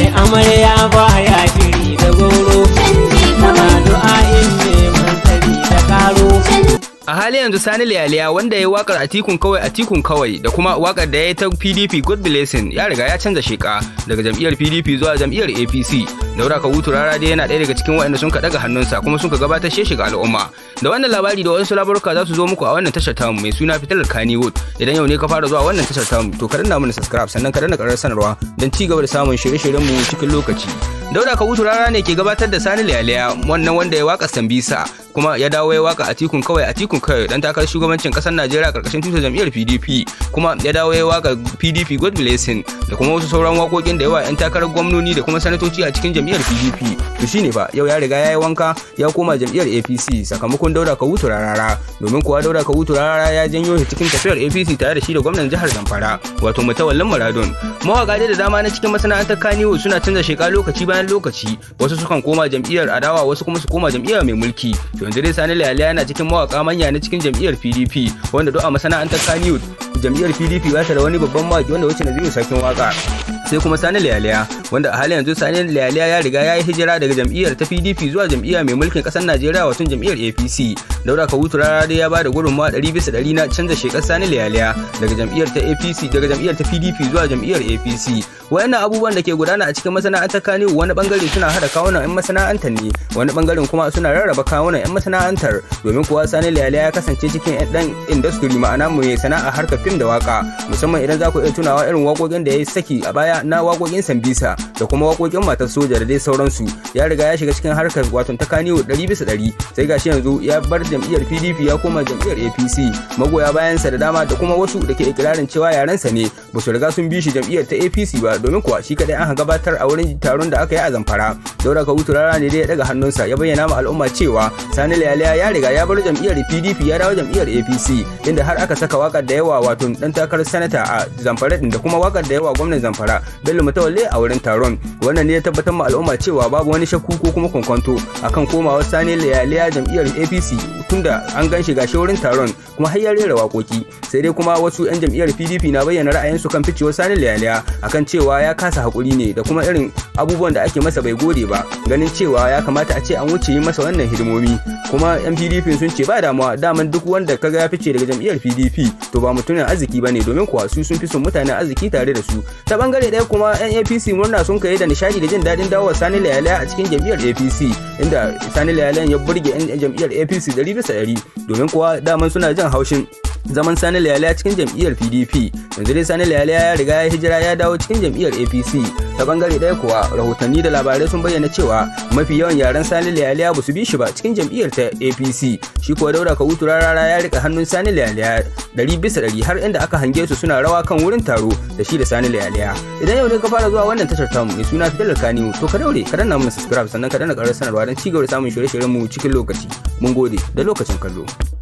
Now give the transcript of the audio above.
i mai amarya boy. a halin yanzu sani liyaliya wanda ya yi a tikun kawai a tikun kawai da kuma wakar da ya yi ta pdp good blessing ya riga ya canza sheka daga jam'iyyar pdp zuwa jam'iyyar apc daura ka hutu rara dai yana ɗaya daga cikin waɗanda sun ka ɗaga hannunsa kuma sun ka gabatar sheshi ga al'umma da wannan labari da wasu labaruka za su zo muku a wannan tashar tamu mai suna fitilar kaniwood idan yau ne ka fara zuwa wannan tashar tamu to ka danna mana subscribe sannan ka danna ƙarar sanarwa don ci gaba da samun shirye-shiryenmu cikin lokaci Dauda Kabutu rara ne ke gabatar da Sani Liyaliya wannan wanda ya waka Sambisa kuma ya dawo ya waka a Atikun kawai a Atikun kawai dan takarar shugabancin kasar Najeriya karkashin tutar jam'iyyar PDP kuma ya dawo ya waka PDP God Blessing da kuma wasu sauran wakokin da yawa yan takarar gwamnoni da kuma sanatoci a cikin jam'iyyar PDP to shine fa yau ya riga ya yi wanka ya koma jam'iyyar APC sakamakon Dauda Kabutu rana domin kuwa Dauda Kabutu rana ya janyo shi cikin tafiyar APC tare da shi da gwamnan jihar Zamfara wato Mutawallin Maradon mawaka da dama na cikin masana'antar Kaniwo suna canza sheka lokaci bayan bayan lokaci wasu sukan koma jam'iyyar adawa wasu kuma su koma jam'iyyar mai mulki to yanzu dai sani lalai yana cikin mawaka manya na cikin jam'iyyar pdp wanda duk a masana'antar kaniwood jam'iyyar pdp ba ta da wani babban mawaki wanda wuce na naziru sakin waka sai kuma sani liyaliya wanda a halin yanzu sani liyaliya ya riga ya yi hijira daga jam'iyyar ta pdp zuwa jam'iyya mai mulkin ƙasar najeriya wato jam'iyyar apc daura kawutu rara dai ya ba da gudunmawa ɗari bisa ɗari na canza shekar sani liyaliya daga jam'iyyar ta apc daga jam'iyyar ta pdp zuwa jam'iyyar apc wayannan abubuwan da ke gudana a cikin masana'antar kani wani bangare suna hada kawunan 'yan masana'antar ne wani bangaren kuma suna rarraba kawunan 'yan masana'antar domin kuwa sani liyaliya ya kasance cikin ɗan industry ma'ana mai sana'a harkar fim da waka musamman idan za ku iya tunawa irin waƙoƙin da ya saki a baya na wakokin sambisa da kuma waƙoƙin matar soja da dai sauransu ya riga ya shiga cikin harkar wato ta kaniwo ɗari bisa ɗari sai gashi yanzu ya bar jam'iyyar pdp ya koma jam'iyyar apc magoya bayansa da dama da kuma wasu da ke ikirarin cewa yarensa ne ba su riga sun bi shi jam'iyyar ta apc ba domin kuwa shi kaɗai an gabatar a wurin taron da aka yi a zamfara daura kawutu rara ne dai ya daga hannunsa ya bayyana ma al'umma cewa sani layaliya ya riga ya bar jam'iyyar pdp ya dawo jam'iyyar apc inda har aka saka wakar da yawa wato dan takarar sanata a zamfara din da kuma wakar da yawa gwamnan zamfara bello mutawalle a wurin taron wannan ne ya tabbatar ma al'umma cewa babu wani shakku ko kuma kwankwanto akan komawar sani liyaliya jam'iyyar apc tunda an gan shi gashi wurin taron kuma har ya rera waƙoƙi sai dai kuma wasu 'yan jam'iyyar pdp na bayyana ra'ayinsu kan ficewar sani liyaliya akan cewa ya kasa haƙuri ne da kuma irin abubuwan da ake masa bai gode ba ganin cewa ya kamata a ce an wuce yi masa wannan hidimomi kuma 'yan pdp sun ce ba damuwa daman duk wanda kaga ya fice daga jam'iyyar pdp to ba mutumin arziki ba ne domin kuwa su sun fi son mutanen arziki tare da su ta bangare ɗaya kuma yan apc murna sun kai da nishadi da jin daɗin dawowar sani layalaya a cikin jam'iyyar apc inda sani layalayan ya burge yan jam'iyyar apc ɗari bisa ɗari domin kuwa daman suna jin haushin zaman sani layaliya cikin jam'iyyar pdp yanzu dai sani layaliya ya riga ya hijira ya dawo cikin jam'iyyar apc ta bangare ɗaya kuwa rahotanni da labarai sun bayyana cewa mafi yawan yaren sani layaliya ba su bi shi ba cikin jam'iyyar ta apc shi kuwa daura kawutu rarara ya rika hannun sani layaliya ɗari bisa ɗari har inda aka hange su suna rawa kan wurin taro da shi da sani layaliya. idan yau ne ka fara zuwa wannan tashar tamu mai suna fidelar mu, to ka daure ka danna mana subscribe sannan ka danna ƙarar sanarwa don cigaba da samun shirye-shiryen mu cikin lokaci mun gode da lokacin kallo.